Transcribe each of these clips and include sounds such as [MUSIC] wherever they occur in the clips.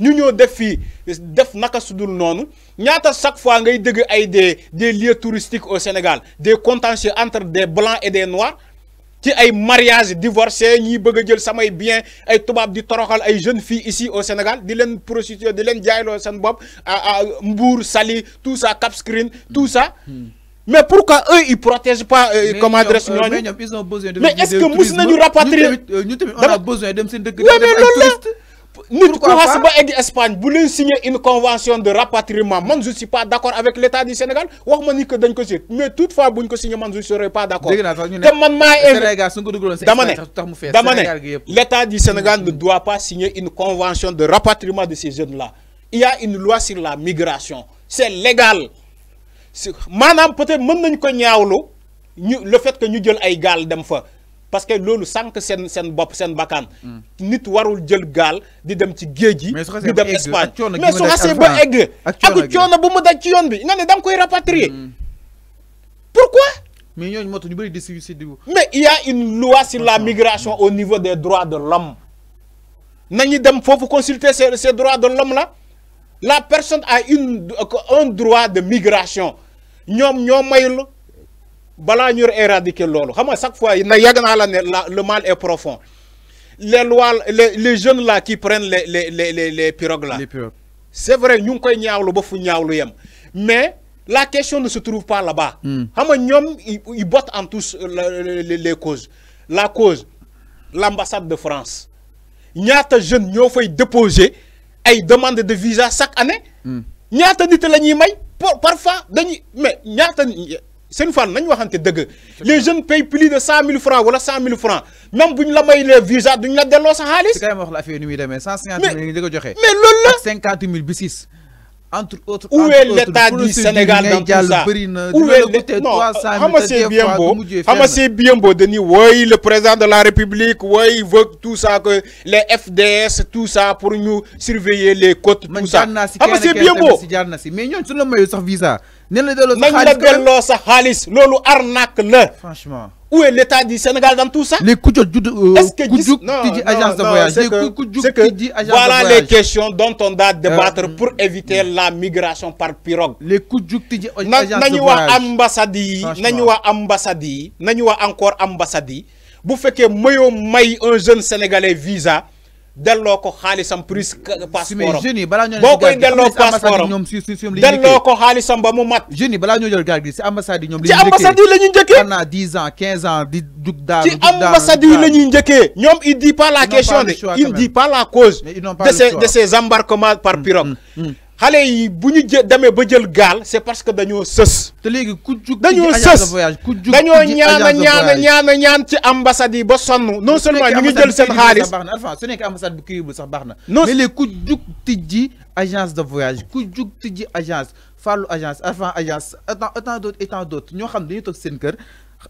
Nous, ñoo def fii def naka sudul nonu. ñaata chaque fois ngay dégg ay des lieux touristiques au Sénégal des contentieux entre des blancs et des noirs ci ay mariages divorcés ñiy bëgg ça jël samay bien ay tubaab di toroxal ay jeunes filles ici au Sénégal di leen prostituer di leen jaayloo au Sénégal à Mbour Sali, tout ça Cap tout ça. Hmm. mais pourquoi eux ils protègent pas euh, comme adresse euh, mais ils ont besoin de. mais est-ce que mus nous rapatrier. Euh, on a besoin de... seen nit ku xas ba egg Espagne bu leen signer une convention de rapatriement Moi, je suis pas d'accord avec l'État du Sénégal wax ma ni que dañ ko mais toutefois buñ ko signez, man je serai pas d'accord. accord. dégg naa sax ko du Sénégal ne doit pas signer une convention de rapatriement de ces jeunes là. il y a une loi sur la migration C'est légal Manam peut-être mën nañ ko ñaawlu le fait que ñu jël ay gaal dem fa parce que loolu sank sen sen bop sen bakan nit warul jël gal di dem ci géej di dem Espagne mais su xasee ba egg ak coono bu mu da ci yone bi nga ne da koy rapatrier. Mm. pourquoi. mais ñoo moo ñu bari di suicide mais il y a une loi sur la migration au niveau des droits de l'homme nañu dem fofu consulter ces ces droits de l'homme là la personne a une un droit de migration ñom ñoo mayul balaa ñu éradiquer loolu xam nga chaque fois na la le mal est profond les lois les jeunes là qui prennent les les les les les pirogues là. c'est vrai ñu koy ñaawlu ba fu ñaawlu yem mais. La question ne se trouve pas là-bas. Hmm. ñom Ils bottent en tous les causes. La cause, l'ambassade de France. Il y a des jeunes qui ont déposer ay demandes de visa chaque année. Il y a des parfois dañuy Parfois, mais ñaata c'est une femme, nous avons dit les jeunes payent plus de 100 000 francs voilà 100 000 francs. Même si nous avons le visa, nous avons des lois sans halis. C'est quand même la fin de mais 150 000 francs. Mais le là 50 000 bisis. Entre autres, où est l'état du Sénégal dans tout ça Où est l'état du Sénégal dans tout ça bien beau, Denis. Oui, le président de la République, oui, il veut tout ça, que les FDS, tout ça, pour nous surveiller les côtes, tout ça. Amassé bien beau. Mais nous, nous avons le meilleur visa franchement où est l'État du Sénégal dans tout ça. les voilà les questions dont on doit euh, débattre pour éviter la migration par pirogue. les de agence de ambassade encore ambassade vous que un jeune sénégalais visa. delloo ko xaalisam plus euh, euh, passeport am boo koy delloo passeport am balaa ñoo jël gaal gi si ambassade yi ñoom. ci ambassade yi la ñuy njëkkee pendant dix ans la ñuy njëkkee. question de il dit la cause. de ces de par mm, pirogue. Mm, mm, xalé yi buñu démé ba jël c'est parce que dañu seuss té légui ku djuk dañu seuss dañu ñaana ñaana ñaana ñaan ci ambassade yi ba non seulement jël mais les ku agence de voyage ku djuk agence agence agence d'autres d'autres xam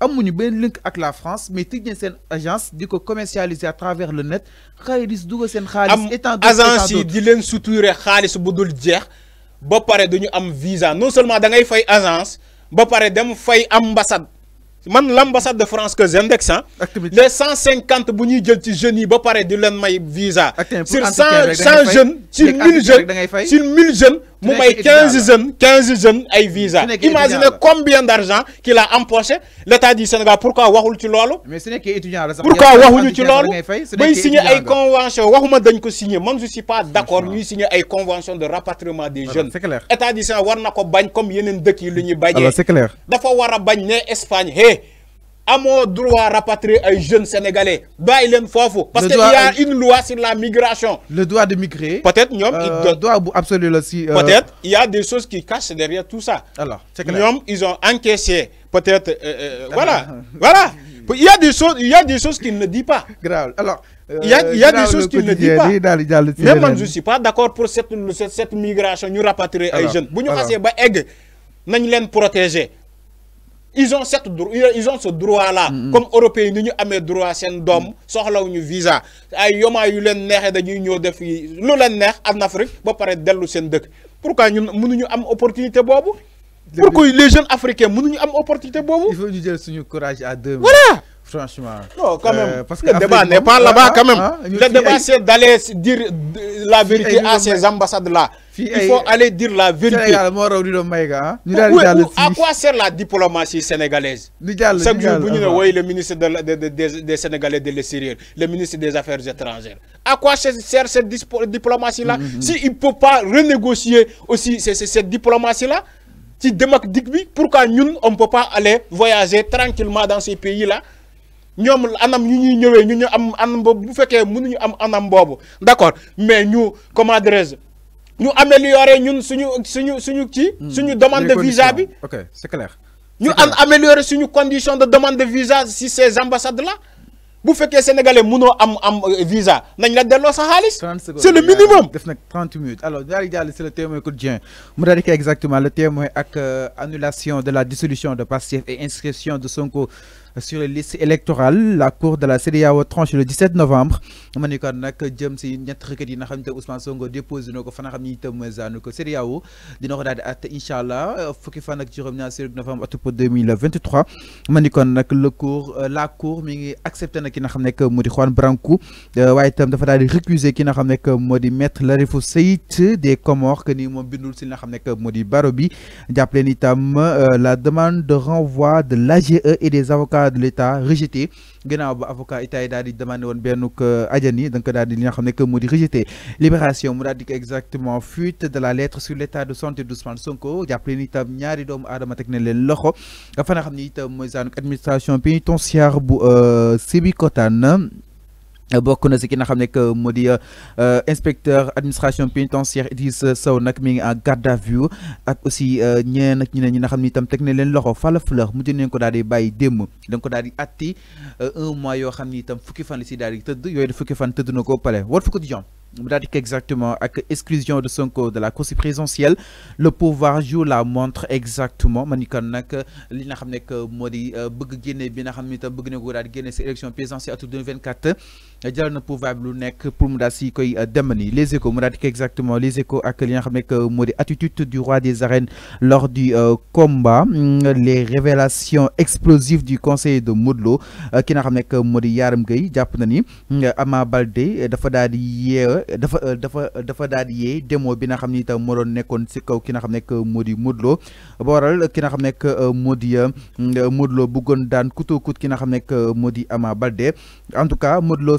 amuñu ben link ak la France mais tëj sen agence diko commercialiser à travers le net xayris dugal sen xaalis étant am agence di len suturé xaalis budul jeex ba paré duñu am visa non seulement da ngay fay agence ba paré dem fay ambassade man l'ambassade de France que j'indexe hein, les cent cinquante bu ñuy jël ci jeunes ba paré di len may visa sur 100, cent jeunes sur 1000 jeunes sur 1000 jeunes 15 jeunes 15 jeunes ay visa imaginez combien d'argent qu'il a empoché l'état du Sénégal pourquoi waxul ci loolu. mais n'est nekkee étudiant Pourquoi sax pourquoi waxuñu ci loolu. bay signé ay convention waxuma dañ ko signé moi je suis pas d'accord Il ñuy signé ay convention de rapatriement des jeunes. c'est clair état du Sénégal il na ko bañ comme yeneen dëkk yi lu ñuy bañee. alors c'est clair dafa avoir a bañ ne Espagne hey mon droit rapatrier un jeune sénégalais parce qu'il y a une loi sur la migration. le droit de migrer. peut-être euh, il droit euh, peut-être il y a des choses qui cachent derrière tout ça. alors c'est ils ont encaissé peut-être euh, ah, voilà ah, ah. voilà il y a des choses il choses qu'il ne dit pas. grave alors. il y a des choses qu'il ne dit pas même moi je suis pas d'accord pour cette migration Nous rapatrier ay jeunes. Si nous ne ba egg nañ protéger ils ont cette ils ont ce droit là. comme européens nous avons le droit dom doom soxlawuñu visa ay yoma yu leen nexé dañuy ñëw def lu leen nex en Afrique ba paré delu sen deuk pourquoi ñun mënuñu am opportunité bobu pourquoi les jeunes africains mënuñu am opportunité bobu il faut ñu jël suñu courage à deux. voilà franchement. non quand euh, même parce que le débat n'est pas là-bas ah, quand même. Ah, le débat c'est d'aller dire la vérité à ces ambassades là il eh, faut aller dire la vérité. Ah. à quoi sert la diplomatie sénégalaise Chaque jour, le ministre des Sénégalais de l'extérieur, le ministre des Affaires étrangères. À quoi sert cette diplomatie-là mm-hmm. S'il ne peut pas renégocier aussi cette diplomatie-là, si pourquoi nous, on ne peut pas aller voyager tranquillement dans ces pays-là Nous, anam ñuy ñu am mais nous, comment adresse, ñu améliorer ñun suñu suñu suñu ci hmm. suñu demande de visa bi. ok c'est clair. ñu am améliorer suñu condition de demande de visa si ces ambassades là bu fekkee sénégalais mënoo am am euh, visa nañ la délo sa xaalis. c'est le minimum def nak 30 minutes alors dali dali c'est le témoin quotidien mu radiqué exactement le témoin ak euh, annulation de la dissolution de passif et inscription de Sonko sur les listes électorales la cour de la CEDEAO tranche le 17 novembre ma nak jëm si ñett requêtes yi nga xam Ousmane Sonko déposé na ko fa nga xam itam zaanu ko CEDEAO dina ko daal di àtte fukki fan ak ñaar sur novembre atub 2023 ma nak le cour euh, la cour mi ngi accepté nak ki nga xamné que Modi Juan Branco euh, waaye itam dafa daal di récuser ki nga xamné que Modi di maître Larifou Saïd des Comores que ni mo bindul si li nga xam ne baro bi jàpp itam euh, la demande de renvoi de l'AGE et des avocats de l'État rejeté gannaaw avocat état demande daal di demandé woon benn euh, ajan yi da que moo rejeté libération mu daal di exactement fuite de la lettre sur l'état de santé d'Ousmane Sonko jàppale ni itam ñaari doomu aadama teg le loxo fa nga xam administration pénitentiaire bu euh, bokk na si ki nga xam que modi euh, inspecteur administration pénitentiaire Idrissa Sow nak mi ngi garde à vue ak aussi euh, ñeen ak ñeneen ñi nga xamni tam tek ne len loxo fa la Fleur mujj nañ ko daal di dem démb dañ ko daal atti euh, un mois yo xamni tam fukki fan la si daal di tëdd fukki fan teud nako ko pale war fukki jom mu daal di exactement ak exclusion de Sonko de la course présidentielle le pouvoir joue la montre exactement ma nak li nga xam que modi bëgg génne bi nga xamni tam bëgg ne ko daal di ci élection présidentielle 2024 jël na pouvoir lu nek pour mu daal si koy euh, demani les échos mu daal exactement les échos ak li nga xam nekk attitude du roi des arènes lors du euh, combat mm, les révélations explosives du conseil de modlo euh, ki nga xam modi moo Yaram Gueye japp na ni mm, Ama Baldé dafa daal di dafa dafa dafa daal di demo bi nga xamni taw tam moo ci kaw ki nga xam nekk moo di Modou ki nga xam nekk moo di Modou Lo bëggoon couteau ki nga xam nekk Ama Baldé en tout cas modlo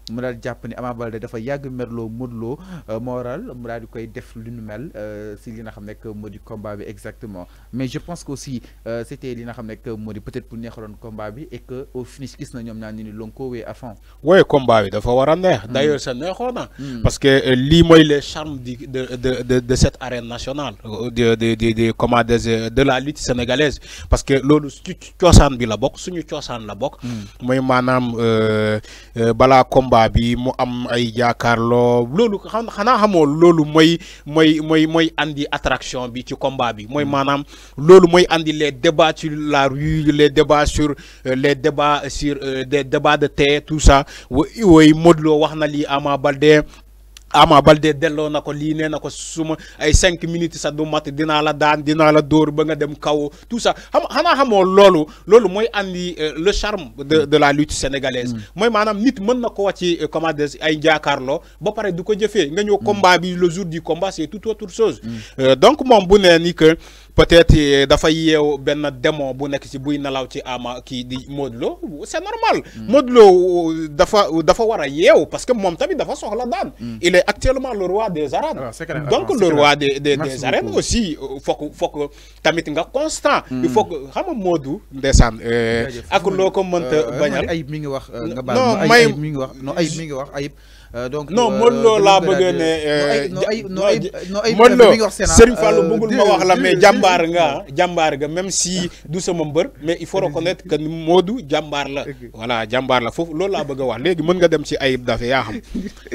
mu daal jàpp ni Ama Baldé dafa yag merlo Modou moral euh, moo di koy def lu ñu mel ci euh, li nga xam modi combat bi exactement mais je pense que aussi euh, c'était était li nga xam nekk modi peut être pour neexaloon combat bi et que au finish gis na ñom ñaan ni lonko à fond. ouais combat bi dafa war a neex. Mm. d' mm. parce que li moy le charme de de de de cette arène nationale. de de de comment de la lutte sénégalaise parce que lolu ci bi la bok suñu coosaan la moy mm. manam euh bala combat. combat bi mu am ay jàkkaarloo loolu xam xanaa loolu mooy mooy mooy mooy andi attraction bi ci combat bi mooy mm. maanaam loolu mooy andi les débats sur la rue les débats sur euh, les débats sur euh, des débats de terre tout ça woy Modou Lo wax na lii Ama Ama Balde delloo na li suma ay cinq minutes ça do mat dina la dan dina la dor ba nga tout ça euh, le charme de la lutte sénégalaise. moy mm. manam nit meun nako ci euh, comment ay ba pare du ko nga mm. combat bi le jour du combat c'est tout autre chose. Mm. Euh, donc mon bu que. peut-être eh, dafa yeew benn démon bu nekk ci buy nelaw ci ama kii di Modou Lo c'est normal. Mm. Modou Lo euh, dafa dafa war a yeew parce que moom tamit dafa soxla daan. Mm. il est actuellement le roi des arènes. Ah, donc le roi des des des aussi foog euh, foog tamit nga constant. Mm. il faut que xam nga Modou ndeysaan. Euh, ak loo ko mënta bañal ayib mi ngi wax nga baal ayib mi ngi wax non mi ngi wax ayib. Euh, donc non euh, Modou Lo euh, laa bëgg ne. non ay non ay Modou Lo Serigne Fallou bëggul ma wax la mais jàmbaar nga jàmbaar nga même si du sama mbër mais il faut reconnaître que Modou jàmbaar la. voilà jàmbaar la foofu loolu laa bëgg a wax léegi mën nga dem si Ayib Daffé yaa xam.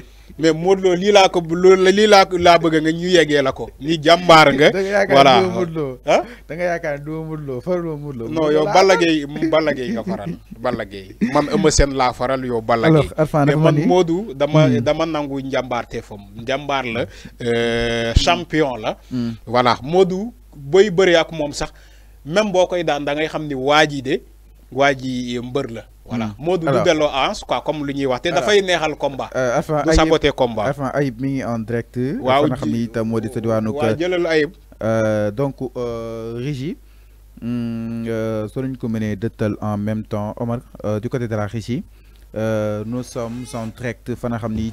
[LAUGHS] mais Modou lii laa ko loolu lii laa laa bëgg nga ñu yeggee la ko ni jàmbaar nga. voilà ah da nga yaakaar ne du ma Modou Lo faral ma Modou Lo non yow Balla Gaye Balla Gaye nga faral Balla Gaye man Eumeu laa faral yow Balla Gaye mais man Modou dama hmm. dama nangu njàmbaar fam njàmbaar la euh, hmm. champion la hmm. voilà Modou booy bëri ak moom sax même boo koy daan da ngay xam ni waa ji de waa ji mbër la voilà hmm. moo du delloo quoi comme lu ñuy wax te dafay neexal combat. Euh, Alpha Ayib du saboté combat. Alpha Ayib mi ngi en direct. waaw nga xam ni itam moo di sa diwaanu. waaw jëlal Ayib. Euh, donc euh, Régie hmm, soo leen ko mënee dëttal en même temps Omar du côté de la Régie nous sommes en direct fana nga